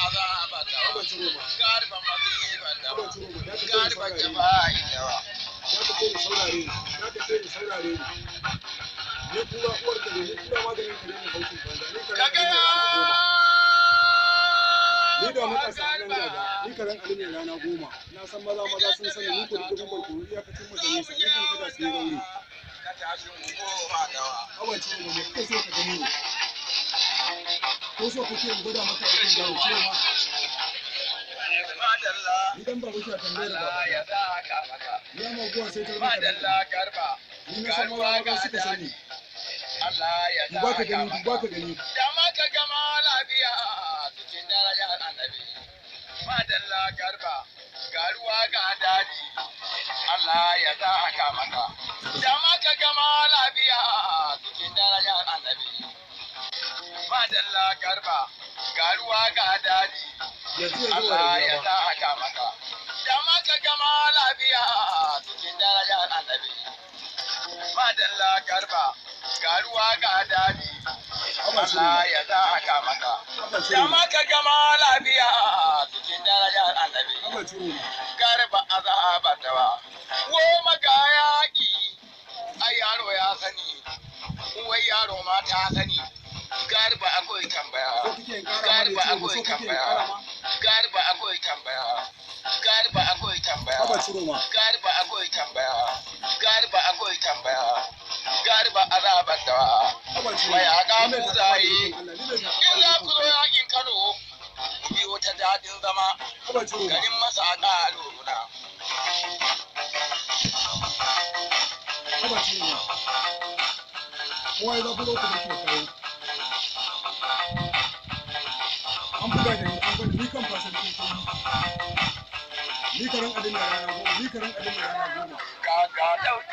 azara ba dawa gariba ba ya ce ni saurare ya ce saurare ni kura kura maganin ka ni ka ni da matasa nan ni rana goma na san maza maza sun sani ni ko da kudin barkono iya kacin mutane sa ni kan kada su yi rauni awancin mu ne kai sai ka gani ko so kuke in gwada maka aikin da wuce ma idan ba wuce tambayar ba ya ma guwa sai ta ni na san wani wani suka sani ka gani ka gani gama lafiya cikin daraja annabi garba garuwa ga daji Allah ya maka dalla garba ga ruwa ga daji Allah ya sa aka maka da maka gama lafiya cikin daraja annabi ma dalla garba ga ruwa ga daji Allah ya sa aka maka da maka gama lafiya cikin daraja annabi garba azaba ta ba wo maka yaki ai yaro ya sani wai yaro ma ta sani akwai garba akwai tambaya, garba akwai tambayawa garba akwai tambayawa garba akwai tambayawa garba azabar dawa mai haƙa mu zaye in za ku zo yakin kano biyo ta daɗin zama garin masa a ƙaruna Wai ni karan abin da rana goma ni karan abin da rana goma ga ga